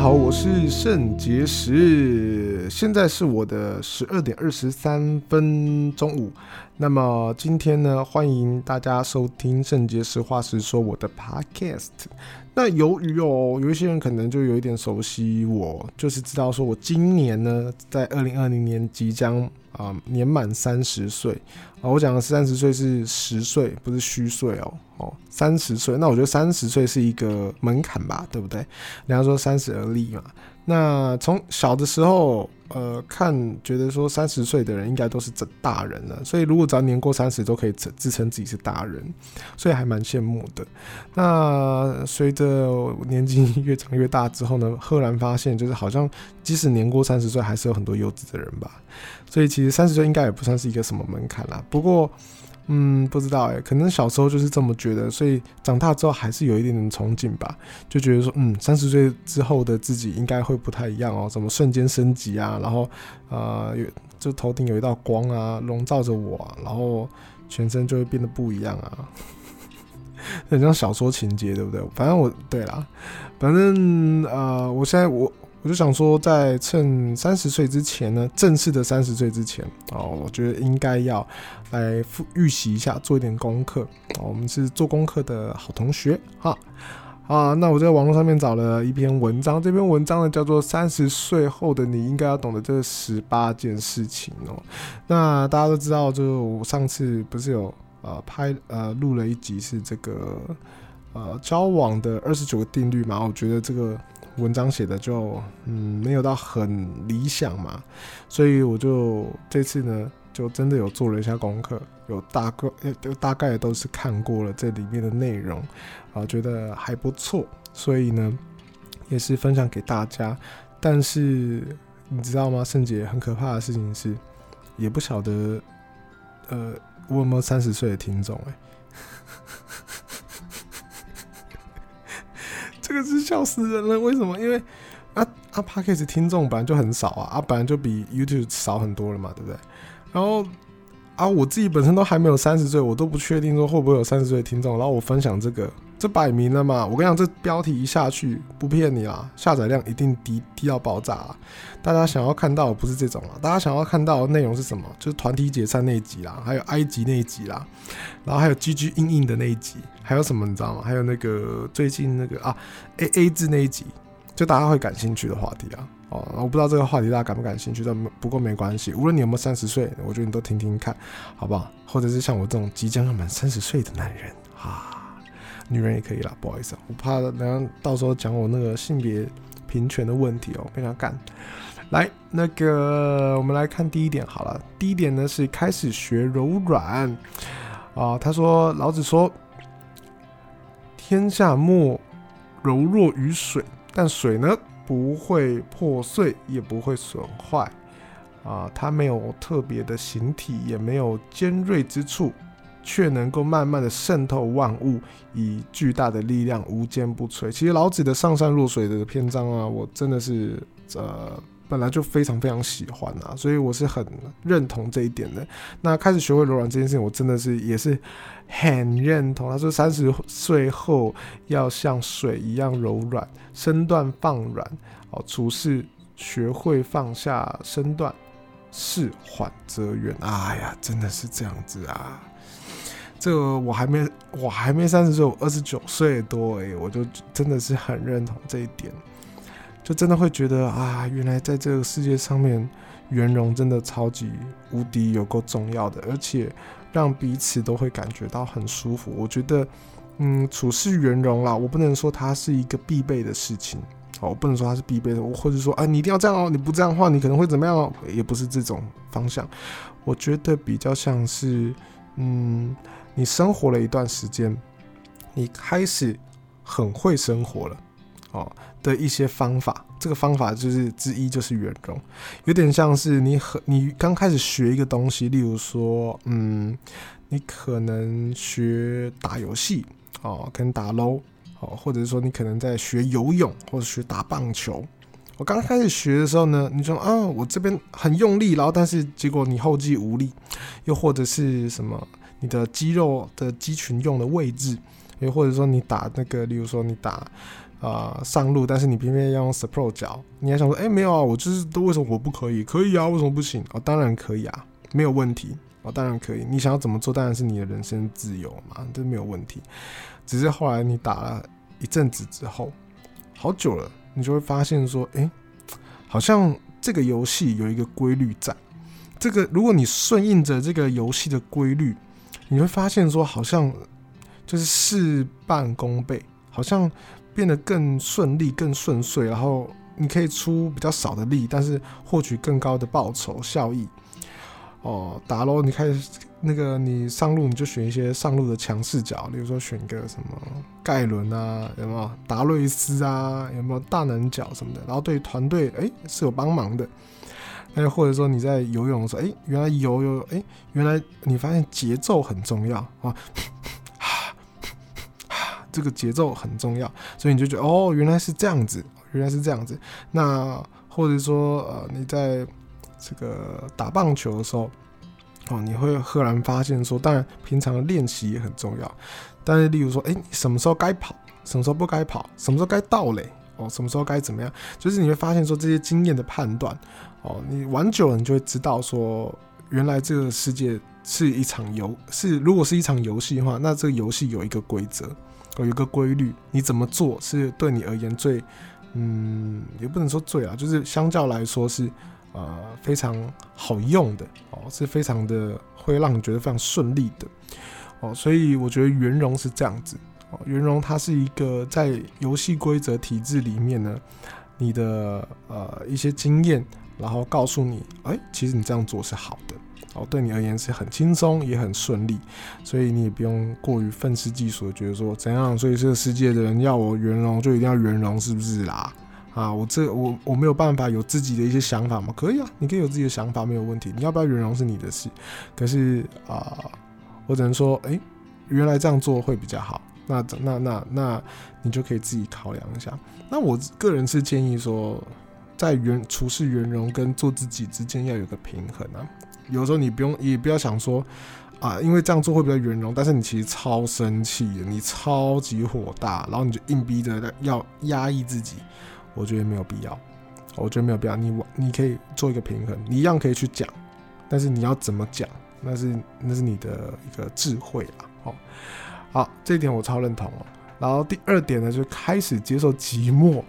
大家好，我是聖結石，現在是我的十二點二十三分，中午。那麼今天呢，歡迎大家收聽聖結石實話實說我的 podcast。那由於哦，有一些人可能就有一點熟悉我，就是知道說我今年呢，在二零二零年即將，啊、呃，年滿三十歲，啊、呃，我講的三十歲是實歲，不是虛歲哦。哦，三十歲，那我覺得三十歲是一個門檻吧，對不對？人家說三十而立嘛。那從小的時候，呃，看覺得說三十歲的人應該都是這大人了，所以如果只要年過三十都可以自稱自己是大人，所以還蠻羨慕的。那隨着年紀越長越大之後呢，赫然發現，就是好像即使年過三十歲，還是有很多幼稚的人吧。所以其實三十歲應該也不算是一個什麼門檻啦。不過，嗯，不知道哎，可能小時候就是這麼覺得，所以長大之後還是有一點點憧憬吧，就覺得說，嗯，三十歲之後的自己應該會不太一樣哦，怎麼瞬間升級啊？然後，啊，有就頭頂有一道光啊，籠罩着我啊，然後全身就會變得不一樣啊。 很像小說情節，對不對？反正我，對啦，反正呃，我現在我。我就想說，在趁三十歲之前呢，正式的三十歲之前哦，我覺得應該要來復預習一下，做一點功課。哦。我們是做功課的好同學哈啊！那我在網絡上面找了一篇文章，這篇文章呢叫做《三十歲後的你應該要懂得這十八件事情》哦。那大家都知道，就是我上次不是有呃拍呃錄了一集是這個呃交往的二十九個定律嘛？我覺得這個。文章寫的就嗯，沒有到很理想嘛，所以我就這次呢就真的有做了一下功課，有大概呃大概都是看過了這裡面的內容，啊覺得還不錯，所以呢也是分享給大家。但是你知道嗎？甚至很可怕的事情是，也不曉得呃我有沒有三十歲的聽眾哎、欸。這個是笑死人了。為什麼？因為啊啊 Podcast 聽眾本來就很少啊，啊，本來就比 YouTube 少很多了嘛，對不對？然後啊，我自己本身都還沒有三十歲，我都不確定說會不會有三十歲的聽眾，然後我分享這個。這擺明了嘛！我跟你講，這標題一下去，不騙你啦，下載量一定低低到爆炸啦。大家想要看到的不是這種啊，大家想要看到的內容是什麼？就是團體解散那一集啦，還有埃及那一集啦，然後還有 GG 硬硬的那一集，還有什麼你知道嗎？還有那個最近那個啊 AA 制那一集，就大家會感興趣的話題啊。哦，我不知道這個話題大家感不感興趣，但不過沒關係，無論你有沒有三十歲，我覺得你都聽聽看，好不好？或者是像我這種即將要滿三十歲的男人啊。女人也可以啦，不好意思啊，我怕等下到時候講我那個性別平權的問題哦、喔，非常干。來，那個我們來看第一點好了，第一點呢是開始學柔軟啊、呃。他說：“老子說，天下莫柔弱於水，但水呢不會破碎，也不會損壞啊，它沒有特別的形體，也沒有尖銳之處。”卻能夠慢慢的滲透萬物，以巨大的力量無堅不摧。其實老子的“上善若水”的篇章啊，我真的是呃本來就非常非常喜歡啊，所以我是很認同這一點的。那開始學會柔軟這件事情，我真的是也是很認同。他說三十歲後要像水一樣柔軟，身段放軟，哦，處事學會放下身段，事緩則圓。哎呀，真的是這樣子啊。這個、我還沒，我還沒三十歲，我二十九歲多誒，我就真的是很認同這一點，就真的會覺得啊，原來在這個世界上面，圓融真的超級無敵有夠重要的，而且讓彼此都會感覺到很舒服。我覺得，嗯，處事圓融啦，我不能說它是一個必備的事情，好，我不能說它是必備的，或者說啊，你一定要這樣哦，你不這樣的話，你可能會怎麼樣哦，也不是這種方向。我覺得比較像是，嗯。你生活了一段時間，你開始很會生活了，哦，的一些方法，這個方法就是之一，就是圓融，有點像是你很你剛開始學一個東西，例如說，嗯，你可能學打遊戲，哦，跟打撈哦，或者是說你可能在學游泳或者學打棒球。我剛開始學的時候呢，你說啊，我這邊很用力，然後但是結果你後繼無力，又或者是什麼？你的肌肉的肌群用的位置，也或者說你打那個，例如說你打啊、呃、上路，但是你偏偏要用 support 腳，你還想說，哎，沒有啊，我就是都為什麼我不可以？可以啊，為什麼不行？哦，當然可以啊，沒有問題。哦，當然可以。你想要怎麼做，當然是你的人生自由嘛，這沒有問題。只是後來你打了一陣子之後，好久了，你就會發現說，哎，好像這個遊戲有一個規律在。這個如果你順應着這個遊戲的規律。你會發現說，好像就是事半功倍，好像變得更順利、更順遂，然後你可以出比較少的力，但是獲取更高的報酬效益。哦，打嘍！你開始那個，你上路你就選一些上路的強勢角，比如說選個什麼蓋倫啊，有沒有達瑞斯啊，有沒有大能角什麼的，然後對團隊哎是有幫忙的。那或者說你在游泳的時候，誒、欸，原來游游，誒、欸，原來你發現節奏很重要啊呵呵呵呵，這個節奏很重要，所以你就覺得哦，原來是這樣子，原來是這樣子。那或者說呃，你在這個打棒球的時候，哦、啊，你會赫然發現說，當然平常練習也很重要，但是例如說，哎、欸，什麼時候該跑，什麼時候不該跑，什麼時候該盜壘？哦、喔，什麼時候該怎麼樣？就是你會發現說這些經驗的判斷，哦、喔，你玩久了你就會知道說，原來這個世界是一場遊，是如果是一場遊戲的話，那這個遊戲有一個規則，有一個規律，你怎麼做是對你而言最，嗯，也不能說最啊，就是相較來說是，呃，非常好用的，哦、喔，是非常的會讓你覺得非常順利的，哦、喔，所以我覺得圓融是這樣子。哦，圓融，它是一個在遊戲規則體制裡面呢，你的呃一些經驗，然後告訴你，哎，其實你這樣做是好的，哦，對你而言是很輕鬆也很順利，所以你也不用過於憤世嫉俗的覺得說怎樣，所以這個世界的人要我圓融就一定要圓融，是不是啦？啊，我這我我沒有辦法有自己的一些想法嘛？可以啊，你可以有自己的想法，沒有問題。你要不要圓融是你的事，可是啊，我只能說，哎，原來這樣做會比較好。那那那那，那那那你就可以自己考量一下。那我個人是建議說，在圓處事圓融跟做自己之間要有個平衡啊。有時候你不用，也不要想說啊，因為這樣做會比較圓融，但是你其實超生氣的，你超級火大，然後你就硬逼着要壓抑自己，我覺得沒有必要。我覺得沒有必要，你你可以做一個平衡，你一樣可以去講，但是你要怎麼講，那是那是你的一個智慧啦、啊，好、哦。好，這一點我超認同、哦、然後第二點呢，就開始接受寂寞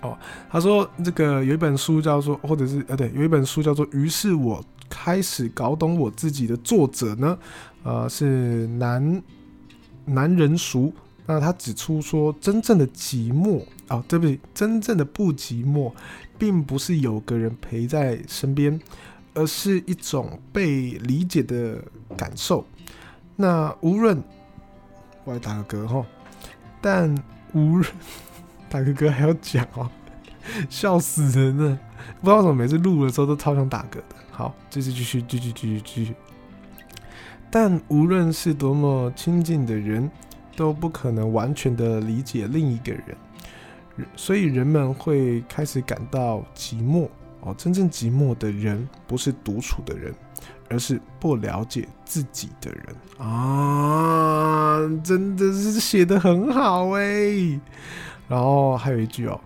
哦。他說這個有一本書叫做，或者是呃、啊、對，有一本書叫做《於是我開始搞懂我自己》的作者呢，呃是南、南仁淑。那他指出說，真正的寂寞啊、哦，對不起，真正的不寂寞，並不是有個人陪在身邊，而是一種被理解的感受。那無論。過來打個嗝哈，但無人打個嗝還要講哦，笑死人了！不知道為什麼每次錄的時候都超想打嗝的。好，繼續繼續繼續繼續繼續。但無論是多麼親近的人，都不可能完全的理解另一個人，所以人們會開始感到寂寞哦。真正寂寞的人，不是獨處的人。而是不了解自己的人啊，真的是寫得很好哎、欸。然後還有一句哦，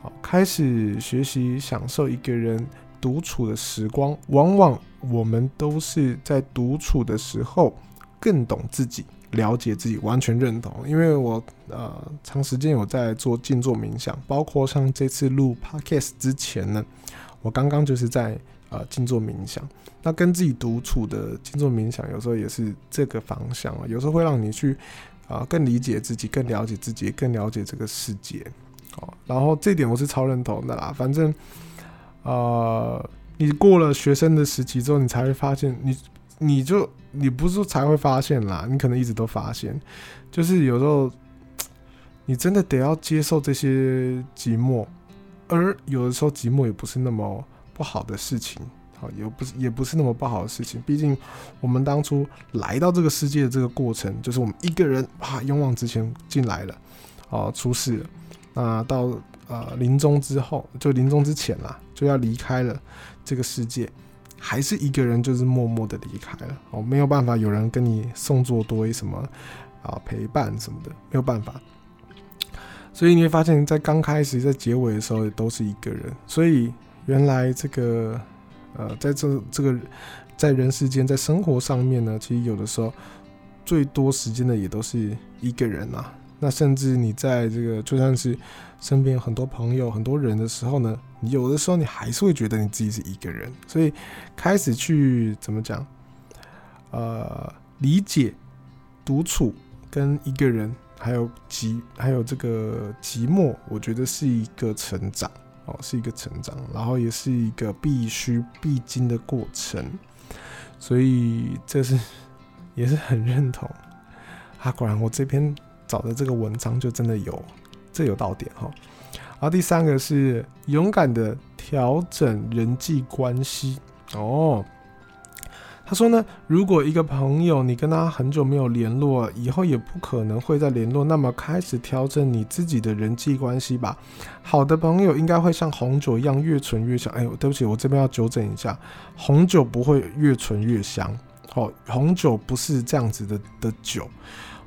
好，開始學習享受一個人獨處的時光。往往我們都是在獨處的時候更懂自己，了解自己，完全認同。因為我呃長時間有在做靜坐冥想，包括像這次錄 podcast 之前呢，我剛剛就是在。啊、呃，靜坐冥想，那跟自己獨處的靜坐冥想，有時候也是這個方向啊。有時候會讓你去啊、呃，更理解自己，更了解自己，更了解這個世界。哦，然後這點我是超認同的啦。反正，啊、呃，你過了學生的時期之後，你才會發現，你你就你不是說才會發現啦，你可能一直都發現，就是有時候，你真的得要接受這些寂寞，而有的時候寂寞也不是那麼。不好的事情，好，也不是也不是那麼不好的事情。畢竟，我們當初來到這個世界的這個過程，就是我們一個人啊，勇往直前進來了，哦、啊，出事了。那到啊臨終之後，就臨終之前啦，就要離開了這個世界，還是一個人，就是默默的離開了，哦、啊，沒有辦法，有人跟你送作堆什麼啊，陪伴什麼的，沒有辦法。所以你會發現，在剛開始，在結尾的時候，也都是一個人，所以。原來這個，呃，在這這個，在人世間，在生活上面呢，其實有的時候最多時間的也都是一個人吶、啊。那甚至你在這個，就算是身邊有很多朋友、很多人的時候呢，你有的時候你還是會覺得你自己是一個人。所以開始去怎麼講？呃，理解獨處跟一個人，還有寂，還有這個寂寞，我覺得是一個成長。是一個成長，然後也是一個必須必經的過程，所以這是也是很認同。啊，果然我這篇找的這個文章就真的有，這有到點哈。然後第三個是勇敢的調整人際關係哦。他說呢，如果一個朋友你跟他很久沒有聯絡了，以後也不可能會再聯絡，那麼開始調整你自己的人際關係吧。好的朋友應該會像紅酒一樣越存越香。哎呦，對不起，我這邊要糾正一下，紅酒不會越存越香，哦，紅酒不是這樣子的的酒，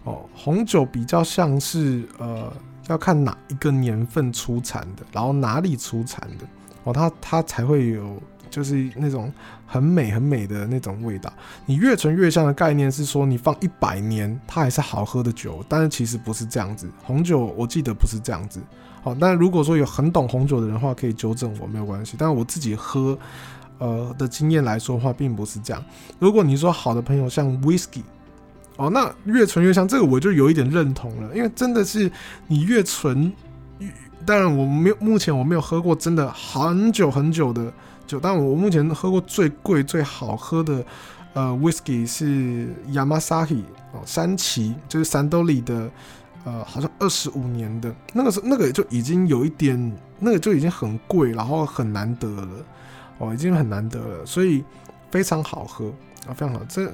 哦，紅酒比較像是呃要看哪一個年份出產的，然後哪裡出產的，哦，它它才會有。就是那種很美很美的那種味道。你越存越香的概念是說，你放一百年它還是好喝的酒，但是其實不是這樣子。紅酒我記得不是這樣子。好、哦，但如果說有很懂紅酒的人的話，可以糾正我沒有關係。但我自己喝，呃的經驗來說的話，並不是這樣。如果你說好的朋友像 Whisky，哦，那越存越香，這個我就有一點認同了，因為真的是你越存。當然我沒有目前我沒有喝過真的很久很久的。就但我目前喝過最貴最好喝的呃 whisky 是 Yamazaki 哦山崎就是三得利的呃好像二十五年的那個時候那個就已經有一點那個就已經很貴然後很難得了哦已經很難得了所以非常好喝啊、哦、非常好這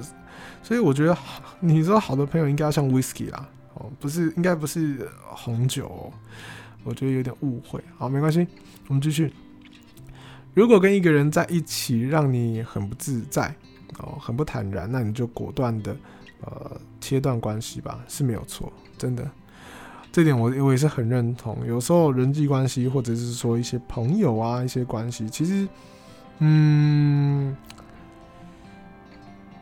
所以我覺得你說好的朋友應該要像 whisky 啦哦不是應該不是紅酒、哦、我覺得有點誤會好沒關係我們繼續。如果跟一個人在一起讓你很不自在，哦，很不坦然，那你就果斷的，呃，切斷關係吧，是沒有錯，真的。這點我我也是很認同。有時候人際關係或者是說一些朋友啊，一些關係，其實，嗯，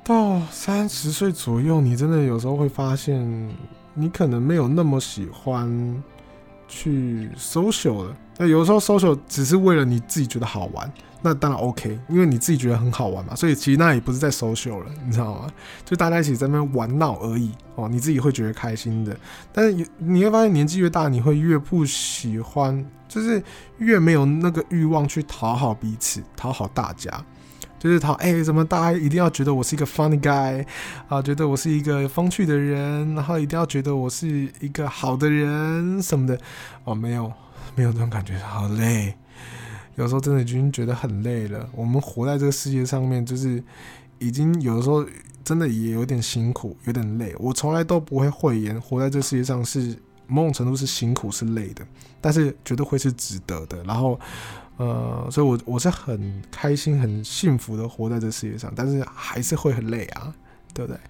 到三十歲左右，你真的有時候會發現，你可能沒有那麼喜歡去 social 了。那有時候 social 只是為了你自己覺得好玩，那當然 OK，因為你自己覺得很好玩嘛，所以其實那也不是在 social 了，你知道嗎？就大家一起在那邊玩鬧而已哦、喔，你自己會覺得開心的。但是你，你會發現年紀越大，你會越不喜歡，就是越沒有那個慾望去討好彼此、討好大家，就是討哎、欸、怎麼大家一定要覺得我是一個 funny guy 啊，覺得我是一個風趣的人，然後一定要覺得我是一個好的人什麼的哦、喔，沒有。沒有這種感覺，好累。有時候真的已經覺得很累了。我們活在這個世界上面，就是已經有的時候真的也有點辛苦，有點累。我從來都不會諱言，活在這世界上是某種程度是辛苦是累的，但是絕對會是值得的。然後，呃，所以我我是很開心很幸福的活在這世界上，但是還是會很累啊，對不對？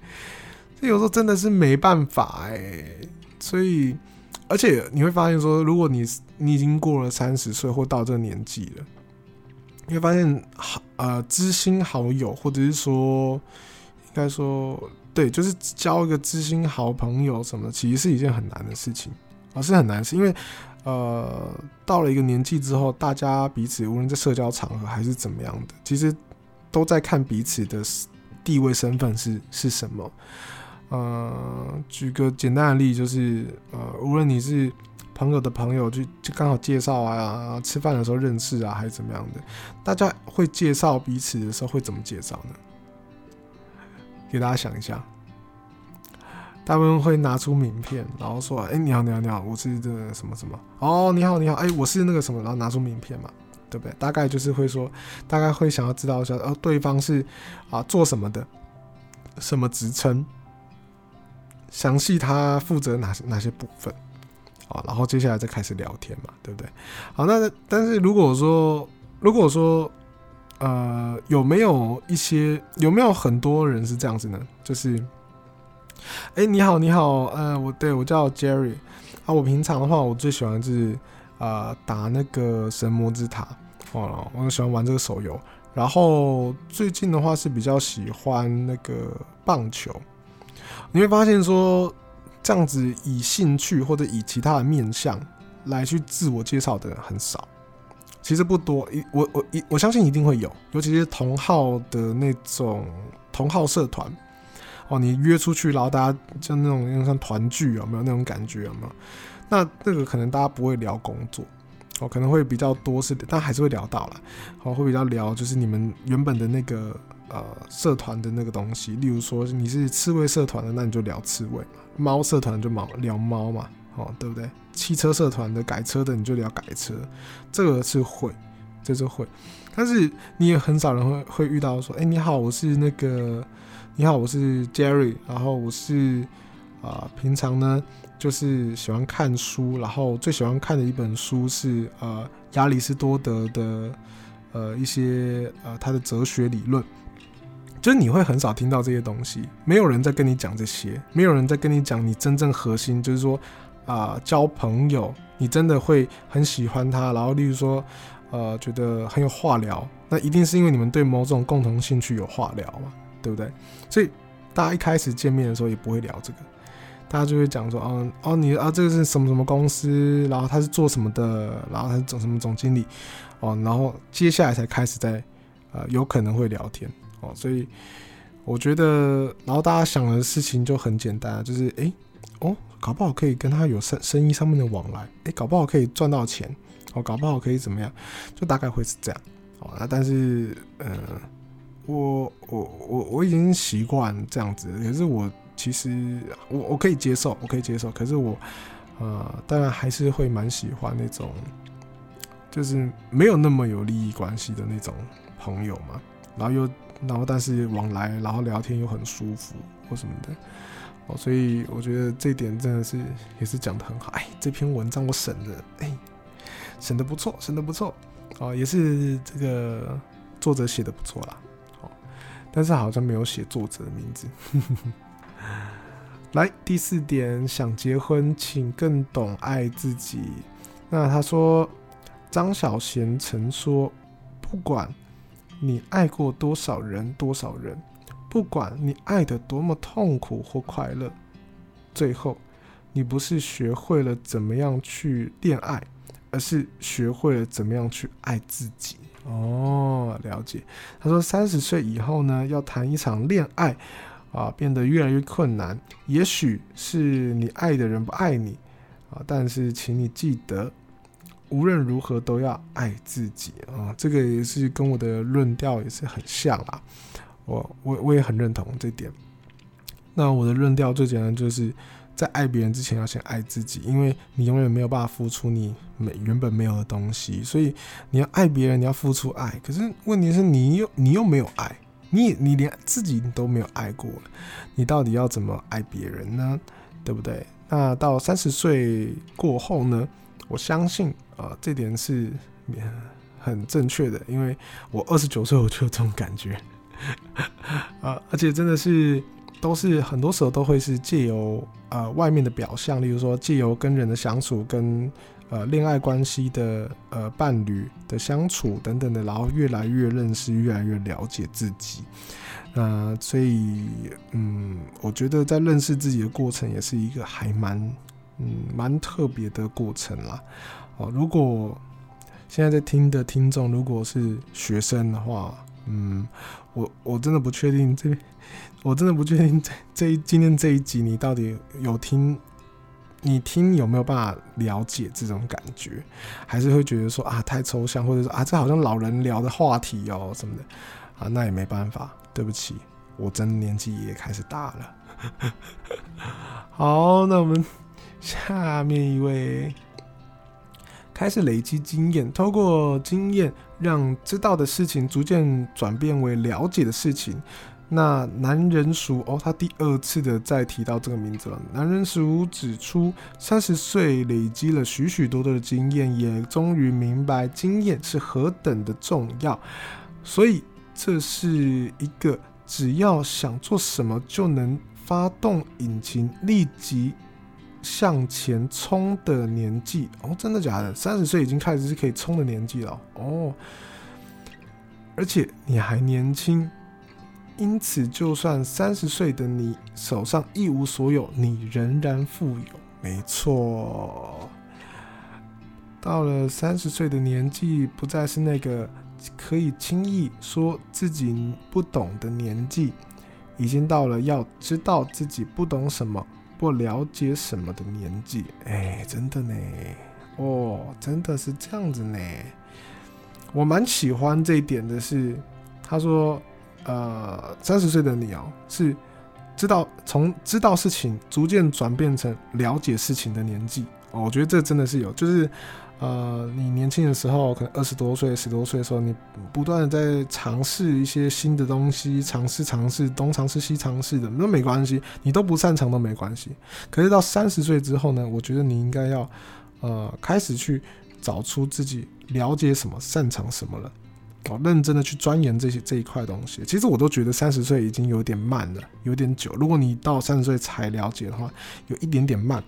這有時候真的是沒辦法誒、欸。所以。而且你會發現，說如果你你已經過了三十歲或到這個年紀了，你會發現好呃，知心好友或者是說，應該說對，就是交一個知心好朋友什麼，其實是一件很難的事情，啊，是很難的事，因為呃，到了一個年紀之後，大家彼此無論在社交場合還是怎麼樣的，其實都在看彼此的地位身份是是什麼。呃，舉個簡單的例子，就是呃，無論你是朋友的朋友，就就剛好介紹啊，吃飯的時候認識啊，還是怎麼樣的，大家會介紹彼此的時候會怎麼介紹呢？給大家想一下，他們會拿出名片，然後說：“哎、欸，你好，你好，你好，我是這個什麼什麼。什麼”哦，你好，你好，哎、欸，我是那個什麼，然後拿出名片嘛，對不對？大概就是會說，大概會想要知道一下，哦、啊，對方是啊，做什麼的，什麼職稱？詳細他負責哪些哪些部分啊？然後接下來再開始聊天嘛，對不對？好，那但是如果說如果說呃有沒有一些有沒有很多人是這樣子呢？就是，哎，欸，你好，你好，呃，我，對，我叫 Jerry 啊。我平常的話，我最喜歡是啊，呃，打那個神魔之塔，哦，我我很喜歡玩這個手遊。然後最近的話是比較喜歡那個棒球。你會發現說，這樣子以興趣或者以其他的面向來去自我介紹的人很少，其實不多。一我我一我相信一定會有，尤其是同好的那種同好社團，哦，你約出去，然後大家就那種，那種像團聚，有沒有那種感覺，有沒有？那這個可能大家不會聊工作，哦，可能會比較多是，但還是會聊到了，然、哦、會比較聊就是你們原本的那個。呃，社團的那個東西，例如說你是刺蝟社團的，那你就聊刺蝟嘛；貓社團就貓聊貓嘛，哦，對不對？汽車社團的改車的，你就聊改車，這個是會，這個、是會。但是你也很少人會會遇到說，哎、欸，你好，我是那個，你好，我是 Jerry，然後我是啊、呃，平常呢就是喜歡看書，然後最喜歡看的一本書是呃亞里士多德的呃一些呃他的哲學理論。就是你會很少聽到這些東西，沒有人在跟你講這些，沒有人在跟你講你真正核心，就是說，啊、呃，交朋友，你真的會很喜歡他，然後，例如說，呃，覺得很有話聊，那一定是因為你們對某種共同興趣有話聊嘛，對不對？所以大家一開始見面的時候也不會聊這個，大家就會講說，嗯、哦，哦，你啊，這個是什麼什麼公司，然後他是做什麼的，然後他是總什麼總經理，哦，然後接下來才開始在，呃，有可能會聊天。哦，所以我覺得，然後大家想的事情就很簡單，就是欸，哦，搞不好可以跟他有生生意上面的往來，欸，搞不好可以賺到錢，哦，搞不好可以怎麼樣，就大概會是這樣。哦，那但是，嗯，我我我我已經習慣這樣子，可是我其實我我可以接受，我可以接受，可是我，呃，當然還是會蠻喜歡那種，就是沒有那麼有利益關係的那種朋友嘛，然後又。然後，但是往來，然後聊天又很舒服或什麼的，哦，所以我覺得這一點真的是也是講的很好。哎，這篇文章我省的，哎，省的不錯，省的不錯，哦，也是這個作者寫的不錯啦。哦，但是好像沒有寫作者的名字呵呵呵。來，第四點，想結婚，請更懂愛自己。那他說，張小嫻曾說，不管。你愛過多少人，多少人，不管你愛得多麼痛苦或快樂，最後，你不是學會了怎麼樣去戀愛，而是學會了怎麼樣去愛自己。哦，了解。他說，三十歲以後呢，要談一場戀愛，啊，變得越來越困難。也許是你愛的人不愛你，啊，但是請你記得。無論如何都要愛自己啊，嗯，這個也是跟我的論調也是很像啦。我我我也很認同這點。那我的論調最簡單就是在愛別人之前要先愛自己，因為你永遠沒有辦法付出你沒原本沒有的東西，所以你要愛別人，你要付出愛。可是問題是你又你又沒有愛，你你連自己都沒有愛過，你到底要怎麼愛別人呢？對不對？那到三十歲過後呢，我相信。呃、這點是，很正確的，因為我二十九歲我就有這種感覺，啊、呃，而且真的是，都是很多時候都會是借由呃外面的表象，例如說借由跟人的相處，跟呃戀愛關係的呃伴侶的相處等等的，然後越來越認識，越來越了解自己，那、呃、所以嗯，我覺得在認識自己的過程也是一個還蠻。嗯，蠻特別的過程啦。哦，如果現在在聽的聽眾如果是學生的話，嗯，我我真的不確定這，我真的不確定這這一今天這一集你到底有聽，你聽有沒有辦法了解這種感覺，還是會覺得說啊太抽象，或者是啊這好像老人聊的話題哦什麼的啊，那也沒辦法，對不起，我真的年紀也開始大了。 好，那我們。下面一位開始累積經驗，透過經驗讓知道的事情逐漸轉變為了解的事情。那男人熟哦，他第二次的再提到這個名字了。男人熟指出，三十歲累積了許許多多的經驗，也終於明白經驗是何等的重要。所以這是一個只要想做什麼就能發動引擎，立即。向前衝的年紀哦，真的假的？三十歲已經開始是可以衝的年紀了哦，而且你還年輕，因此就算三十歲的你手上一無所有，你仍然富有。沒錯，到了三十歲的年紀，不再是那個可以輕易說自己不懂的年紀，已經到了要知道自己不懂什麼、不了解什麼的年紀，哎、欸，真的呢，哦，真的是這樣子呢，我蠻喜歡這一點的是，他說，呃，三十歲的你哦，是知道從知道事情逐漸轉變成了解事情的年紀，哦，我覺得這真的是有，就是。呃，你年輕的時候，可能二十多歲、十多歲的時候，你不斷的在嘗試一些新的東西，嘗試嘗試東嘗試西嘗試的，那沒關係，你都不擅長都沒關係。可是到三十歲之後呢，我覺得你應該要，呃，開始去找出自己了解什麼、擅長什麼了，搞，認真的去鑽研這些這一塊東西。其實我都覺得三十歲已經有點慢了，有點久。如果你到三十歲才了解的話，有一點點慢。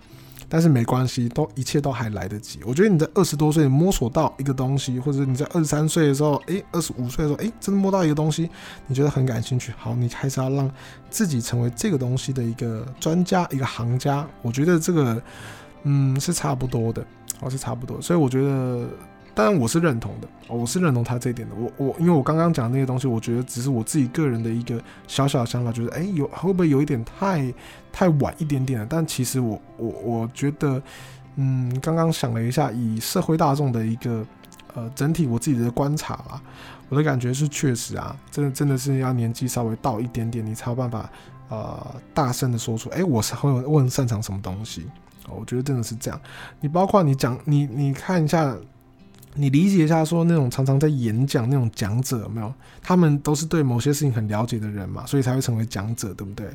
但是沒關係，都一切都還來得及。我覺得你在二十多歲摸索到一個東西，或者你在二十三歲的時候，哎、欸，二十五歲的時候，哎、欸，真的摸到一個東西，你覺得很感興趣，好，你開始要讓自己成為這個東西的一個專家、一個行家。我覺得這個，嗯，是差不多的，好，是差不多。所以我覺得。當然，我是認同的，我是認同他這一點的。我我，因為我剛剛講那些東西，我覺得只是我自己個人的一個小小的想法，就是誒、欸，有會不會有一點太太晚一點點了？但其實我我我覺得，嗯，剛剛想了一下，以社會大眾的一個呃整體，我自己的觀察啦，我的感覺是確實啊，真的真的是要年紀稍微到一點點，你才有辦法呃大聲的說出，誒、欸，我很擅長什麼東西，我覺得真的是這樣。你包括你講你你看一下。你理解一下，說那種常常在演講那種講者有沒有，他們都是對某些事情很了解的人嘛，所以才會成為講者，對不對？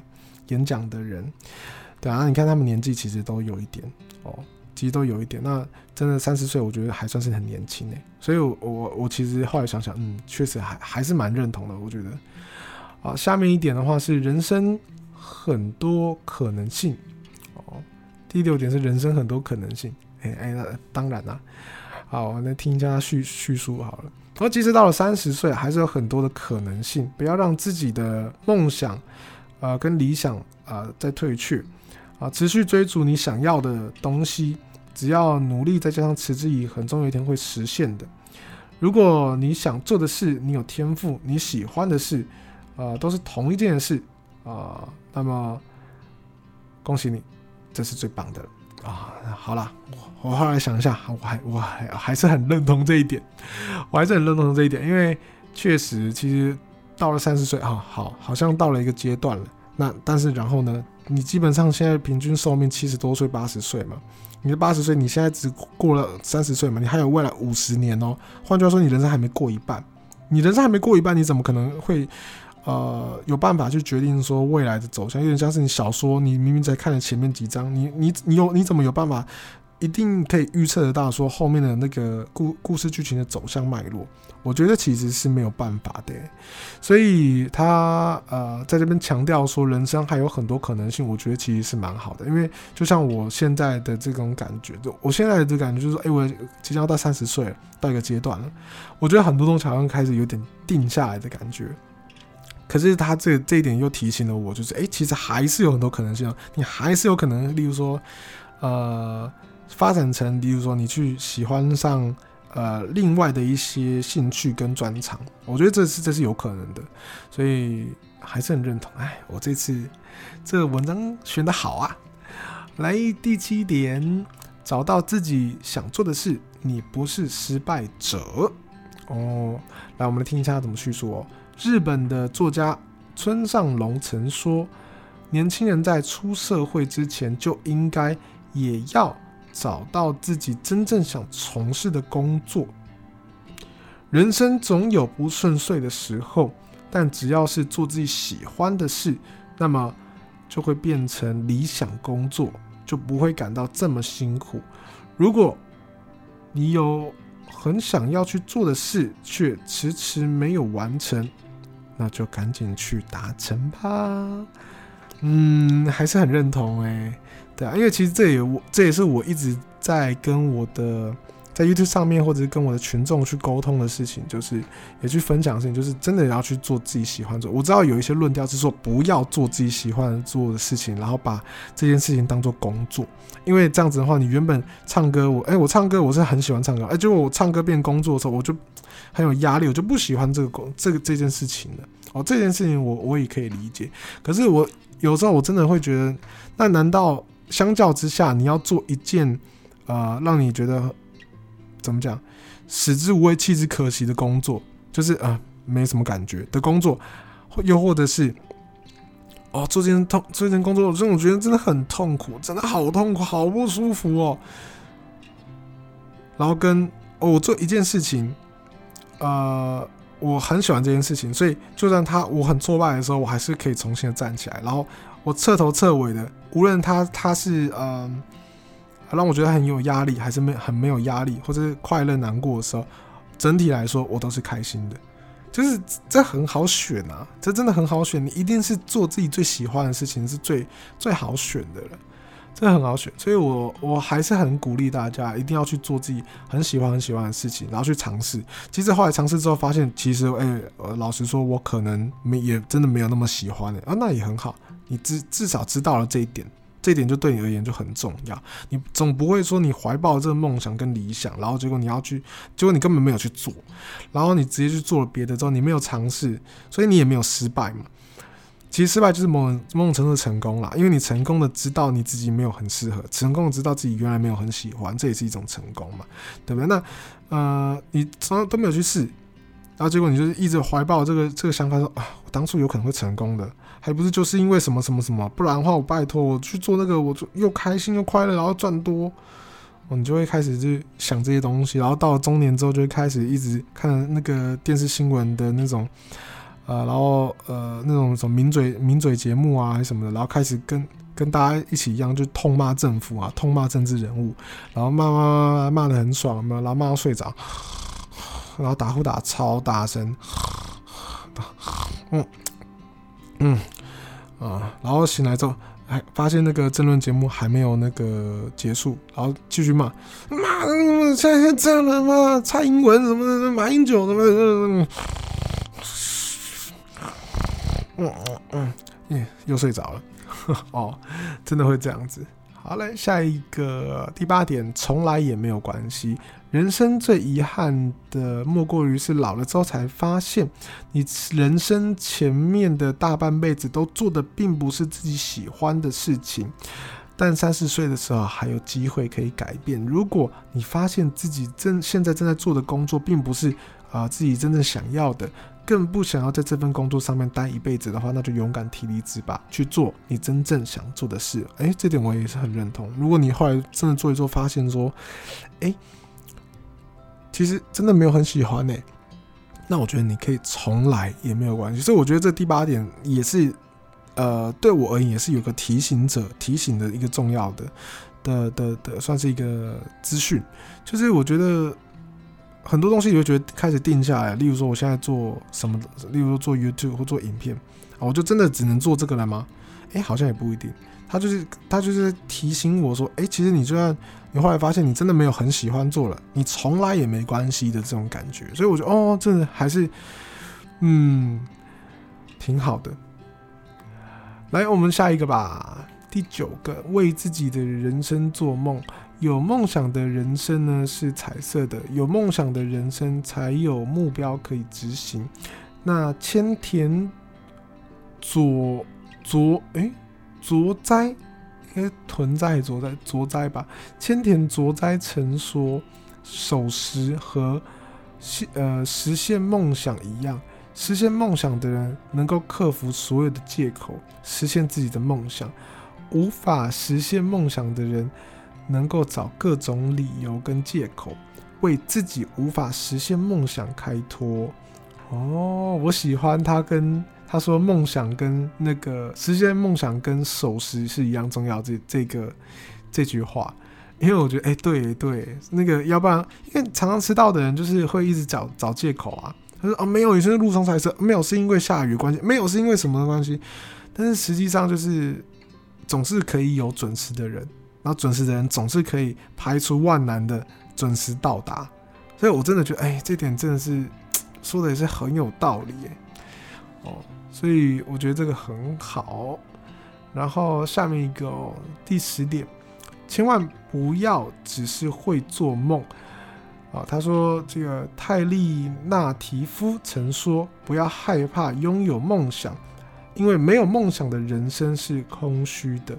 演講的人，對啊，你看他們年紀其實都有一點哦，其實都有一點。那真的三十歲，我覺得還算是很年輕誒、欸。所以我，我我我其實後來想想，嗯，確實還還是蠻認同的。我覺得，好，下面一點的話是人生很多可能性哦。第六點是人生很多可能性，誒、欸欸。那當然啦。好，那聽一下敘敘述、述好了。而即使到了三十歲，還是有很多的可能性。不要讓自己的夢想，呃，跟理想啊，再、呃、退卻啊、呃，持續追逐你想要的東西。只要努力，再加上持之以恆，總有一天會實現的。如果你想做的事，你有天賦，你喜歡的事，啊、呃，都是同一件事，啊、呃，那麼恭喜你，這是最棒的。啊、哦，好啦，我後來想一下，我還我還還是很認同這一點，我還是很認同這一點，因為確實，其實到了三十歲，啊、哦，好，好像到了一個階段了。那但是然後呢，你基本上現在平均壽命七十多歲、八十歲嘛，你的八十歲你現在只過了三十歲嘛，你還有未來五十年哦、喔。換句話說，你人生還沒過一半，你人生還沒過一半，你怎麼可能會？呃，有辦法去決定說未來的走向，有點像是你小說，你明明在看了前面幾章，你你你有你怎麼有辦法一定可以預測得到說後面的那個故故事劇情的走向脈絡？我覺得其實是沒有辦法的欸。所以他呃在這邊強調說人生還有很多可能性，我覺得其實是蠻好的。因為就像我現在的這種感覺，就我現在的感覺就是說，哎、欸，我即將要到三十歲了，到一個階段了，我覺得很多東西好像開始有點定下來的感覺。可是他這這一點又提醒了我，就是哎，其實還是有很多可能性啊，你還是有可能，例如說，呃，發展成，例如說，你去喜歡上，呃，另外的一些興趣跟專長，我覺得這是這是有可能的，所以還是很認同。哎，我這次這文章選的好啊，來第七點，找到自己想做的事，你不是失敗者哦。來，我們來聽一下他怎麼敘述哦。日本的作家村上龍曾說：“年輕人在出社會之前就應該也要找到自己真正想從事的工作。人生總有不順遂的時候，但只要是做自己喜歡的事，那麼就會變成理想工作，就不會感到這麼辛苦。如果你有很想要去做的事，卻遲遲沒有完成。”那就趕緊去達成吧，嗯，還是很認同誒、欸。對啊，因為其實這也我這也是我一直在跟我的在 YouTube 上面或者是跟我的群眾去溝通的事情，就是也去分享的事情，就是真的要去做自己喜歡做。我知道有一些論調是說不要做自己喜歡做的事情，然後把這件事情當做工作，因為這樣子的話，你原本唱歌我，我、欸、誒，我唱歌我是很喜歡唱歌，誒、欸，結果我唱歌變工作的時候，我就。很有壓力，我就不喜歡這個工這個這件事情了。哦，這件事情我我也可以理解。可是我有時候我真的會覺得，那難道相較之下，你要做一件啊、呃，讓你覺得怎麼講，食之無味，棄之可惜的工作，就是啊、呃，沒什麼感覺的工作，又或者是哦，做這件痛做這件工作，我真我覺得真的很痛苦，真的好痛苦，好不舒服哦。然後跟哦，我做一件事情。呃，我很喜歡這件事情，所以就算他我很挫敗的時候，我還是可以重新的站起來。然後我徹頭徹尾的，無論他他是嗯、呃，讓我覺得很有壓力，還是沒很沒有壓力，或者是快樂難過的時候，整體來說我都是開心的。就是這很好選啊，這真的很好選。你一定是做自己最喜歡的事情，是最最好選的了。這個很好選，所以我我還是很鼓勵大家一定要去做自己很喜歡很喜歡的事情，然後去嘗試。其實後來嘗試之後發現，其實哎、欸、呃，老實說，我可能沒也真的沒有那麼喜歡、欸、啊，那也很好，你至至少知道了這一點，這一點就對你而言就很重要。你總不會說你懷抱了這個夢想跟理想，然後結果你要去，結果你根本沒有去做，然後你直接去做了別的之後，你沒有嘗試，所以你也沒有失敗嘛。其實失敗就是某某種程度的成功啦，因為你成功的知道你自己沒有很適合，成功的知道自己原來沒有很喜歡，這也是一種成功嘛，對不對？那呃，你從來都沒有去試，然後結果你就是一直懷抱這個這個想法說啊，我當初有可能會成功的，還不是就是因為什麼什麼什麼，不然的話我拜託我去做那個，我就又開心又快樂，然後賺多，我、哦、你就會開始去想這些東西，然後到了中年之後，就會開始一直看那個電視新聞的那種。呃，然後呃，那種什麼名嘴名嘴節目啊，還是什麼的，然後開始跟跟大家一起一樣，就痛罵政府啊，痛罵政治人物，然後罵罵罵罵罵得很爽嘛，然後罵到睡着，然後打呼打超大聲，嗯嗯啊、嗯，然後醒來之後，哎，發現那個爭論節目還沒有那個結束，然後繼續罵罵，像像這樣的嘛，蔡英文什麼的，馬英九什麼什麼什麼。嗯嗯嗯，嗯，又睡着了呵呵。哦，真的會這樣子。好嘞，下一個第八點，從來也沒有關係。人生最遺憾的，莫過於是老了之後才發現，你人生前面的大半輩子都做的並不是自己喜歡的事情。但三十歲的時候還有機會可以改變。如果你發現自己正現在正在做的工作並不是。啊、呃，自己真正想要的，更不想要在這份工作上面待一輩子的話，那就勇敢提離職吧，去做你真正想做的事。哎，這點我也是很認同。如果你後來真的做一做，發現說，哎，其實真的沒有很喜歡呢、欸，那我覺得你可以重來也沒有關係。所以我覺得這第八點也是，呃，對我而言也是有個提醒者提醒的一個重要的的的的，算是一個資訊，就是我覺得。很多東西你會覺得開始定下來，例如說我現在做什麼，例如做 YouTube 或做影片，我就真的只能做這個了嗎？哎、欸，好像也不一定。他就是他就是提醒我說，哎、欸，其實你就算你後來發現你真的沒有很喜歡做了，你從來也沒關係的這種感覺。所以我覺得哦，真的還是，嗯，挺好的。來，我們下一個吧，第九個，為自己的人生做夢。有夢想的人生呢，是彩色的，有夢想的人生才有目標可以執行。那千田佐佐哎、欸、佐哉應該屯佐哉佐哉吧？千田佐哉曾說：“守時和呃實現夢想一樣，實現夢想的人能夠克服所有的借口，實現自己的夢想；無法實現夢想的人。”能夠找各種理由跟借口，為自己無法實現夢想開脫。哦，我喜歡他跟他說夢想跟那個實現夢想跟守時是一樣重要這這個這句話，因為我覺得哎、欸、對對，對，那個要不然因為常常遲到的人就是會一直找找借口啊。他說哦沒有，也就是路上塞車，沒有是因為下雨關係，沒有是因為什麼的關係，但是實際上就是總是可以有準時的人。然後準時的人總是可以排除萬難的準時到達，所以我真的覺得，哎，這點真的是說的也是很有道理耶，哦，所以我覺得這個很好。然後下面一個、哦、第十點，千萬不要只是會做夢啊、哦。他說：“這個泰利納提夫曾說，不要害怕擁有夢想，因為沒有夢想的人生是空虛的。”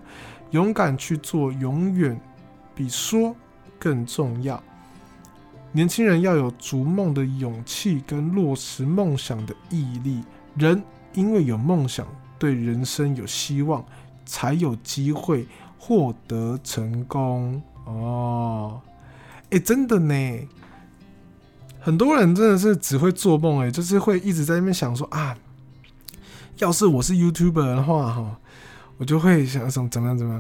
勇敢去做，永遠比說更重要。年輕人要有逐夢的勇氣跟落實夢想的毅力。人因為有夢想，對人生有希望，才有機會獲得成功。哦，哎、欸，真的呢，很多人真的是只會做夢，哎，就是會一直在那邊想說啊，要是我是 YouTuber 的話，哈。我就會想什麼怎麼樣怎麼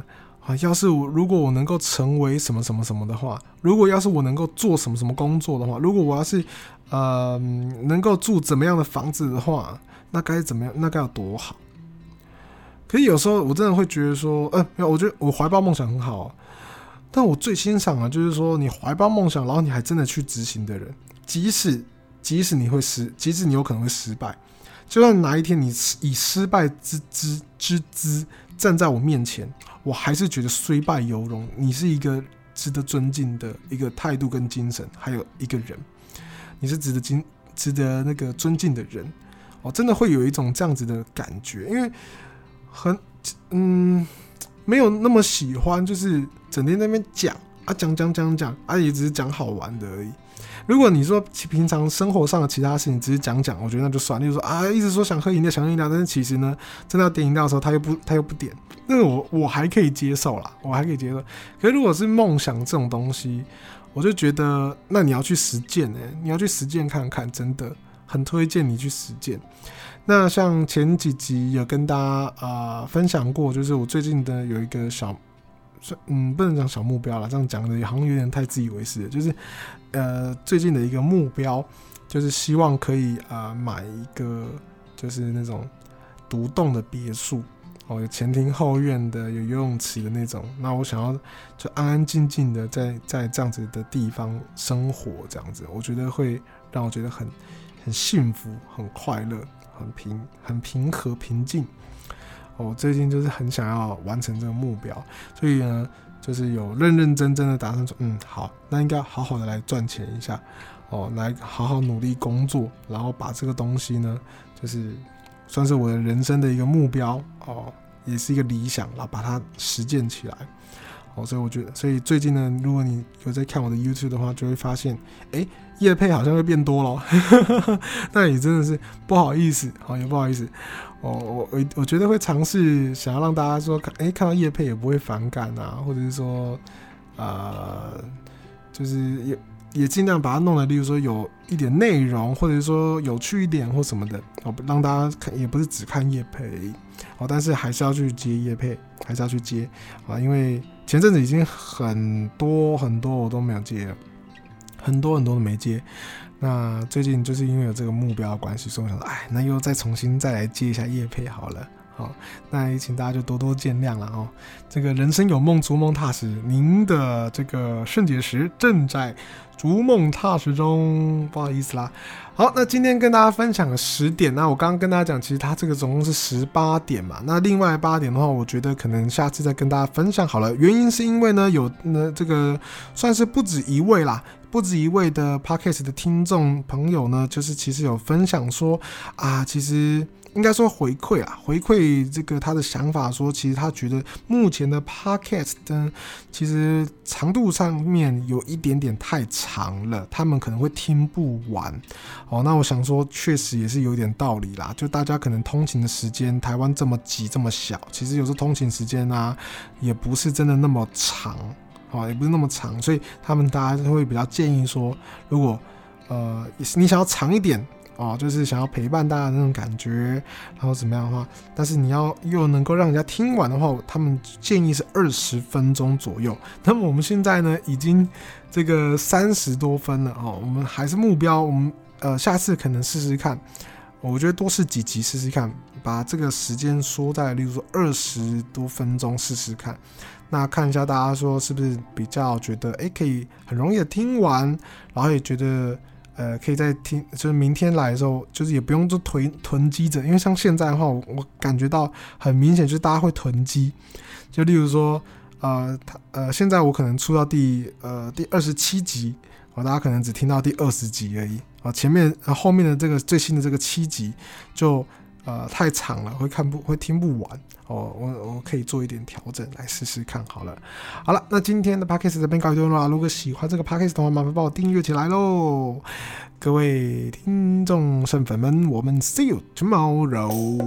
樣啊？要是我，如果我能夠成為什麼什麼什麼的話，如果要是我能夠做什麼什麼工作的話，如果我要是嗯、呃、能夠住怎麼樣的房子的話，那該怎麼樣？那該有多好？可是有時候我真的會覺得說，呃，我覺得我懷抱夢想很好，啊，但我最欣賞啊，就是說你懷抱夢想，然後你還真的去執行的人，即使即使你會失，即使你有可能會失敗。就算哪一天你以失敗之之之姿站在我面前，我還是覺得雖敗猶榮。你是一個值得尊敬的一個態度跟精神，還有一個人，你是值得值得那個尊敬的人。哦，真的會有一種這樣子的感覺，因為很嗯，沒有那麼喜歡，就是整天在那邊講啊講講講講啊，也只是講好玩的而已。如果你說其平常生活上的其他事情只是講講，我覺得那就算了。例如說啊，一直說想喝飲料，想喝飲料，但是其實呢，真的要點飲料的時候他又不他又不點，那我我還可以接受啦，我還可以接受。可是如果是夢想這種東西，我就覺得那你要去實踐誒、欸，你要去實踐看看，真的很推薦你去實踐。那像前幾集有跟大家啊、呃、分享過，就是我最近的有一個小嗯，不能講小目標啦，這樣講的也好像有點太自以為是，就是。呃，最近的一個目標就是希望可以啊、呃、買一個就是那種獨棟的別墅哦，有前庭後院的，有游泳池的那種。那我想要就安安靜靜的在在這樣子的地方生活，這樣子我覺得會讓我覺得很很幸福、很快樂、很平很平和平靜。我、哦、最近就是很想要完成這個目標，所以呢。就是有認認真真的打算說，嗯，好，那應該好好的來賺錢一下，哦，來好好努力工作，然後把這個東西呢，就是算是我的人生的一個目標哦，也是一個理想，然後把它實踐起來，哦，所以我覺得，所以最近呢，如果你有在看我的 YouTube 的話，就會發現，誒、欸，業配好像又變多了，那 也真的是不好意思，好、哦，也不好意思。哦，我我我覺得會嘗試想要讓大家說，哎、欸，看到業配也不會反感啊，或者是說，呃、就是也也盡量把它弄得，例如說有一點內容，或者是說有趣一點或什麼的，哦，讓大家看也不是只看業配，哦，但是還是要去接業配，還是要去接啊，因為前陣子已經很多很多我都沒有接了，很多很多都沒接。那最近就是因為有這個目標的關係，所以我想說，哎，那又再重新再來接一下業配好了。好，那也請大家就多多見諒了哦。這個人生有夢，逐夢踏實。您的這個聖結石正在逐夢踏實中，不好意思啦。好，那今天跟大家分享了十點。那我剛剛跟大家講，其實它這個總共是十八點嘛。那另外八點的話，我覺得可能下次再跟大家分享好了。原因是因為呢，有呢這個算是不止一位啦。不止一位的 podcast 的聽眾朋友呢，就是其實有分享說啊,其實應該說回饋啊，回饋這個他的想法說，其實他覺得目前的 podcast 呢其實長度上面有一點點太長了，他們可能會聽不完。哦，那我想說，確實也是有點道理啦，就大家可能通勤的時間，台灣這麼擠這麼小，其實有時候通勤時間呢、啊，也不是真的那麼長。哦，也不是那麼長，所以他們大家就會比較建議說，如果，呃，你想要長一點哦、呃，就是想要陪伴大家的那種感覺，然後怎麼樣的話，但是你要又能夠讓人家聽完的話，他們建議是二十分鐘左右。那麼我們現在呢，已經這個三十多分了哦、呃，我們還是目標，我們呃下次可能試試看，我覺得多試幾集試試看，把這個時間縮在，例如說二十多分鐘試試看。那看一下大家說是不是比較覺得哎、欸、可以很容易的聽完，然後也覺得呃可以再聽，就是明天來的時候就是也不用就囤囤積着，因為像現在的話我我感覺到很明顯就是大家會囤積，就例如說呃他呃現在我可能出到第呃第二十七集啊、呃，大家可能只聽到第二十集而已啊、呃，前面、呃、後面的這個最新的這個七集就呃太長了會看不會聽不完。哦，我我可以做一點調整來試試看。好，好了，好了，那今天的 podcast 這邊告一段落啊。如果喜歡這個 podcast 的話，麻煩幫我訂閱起來嘍，各位聽眾、聖粉們，我們 see you tomorrow。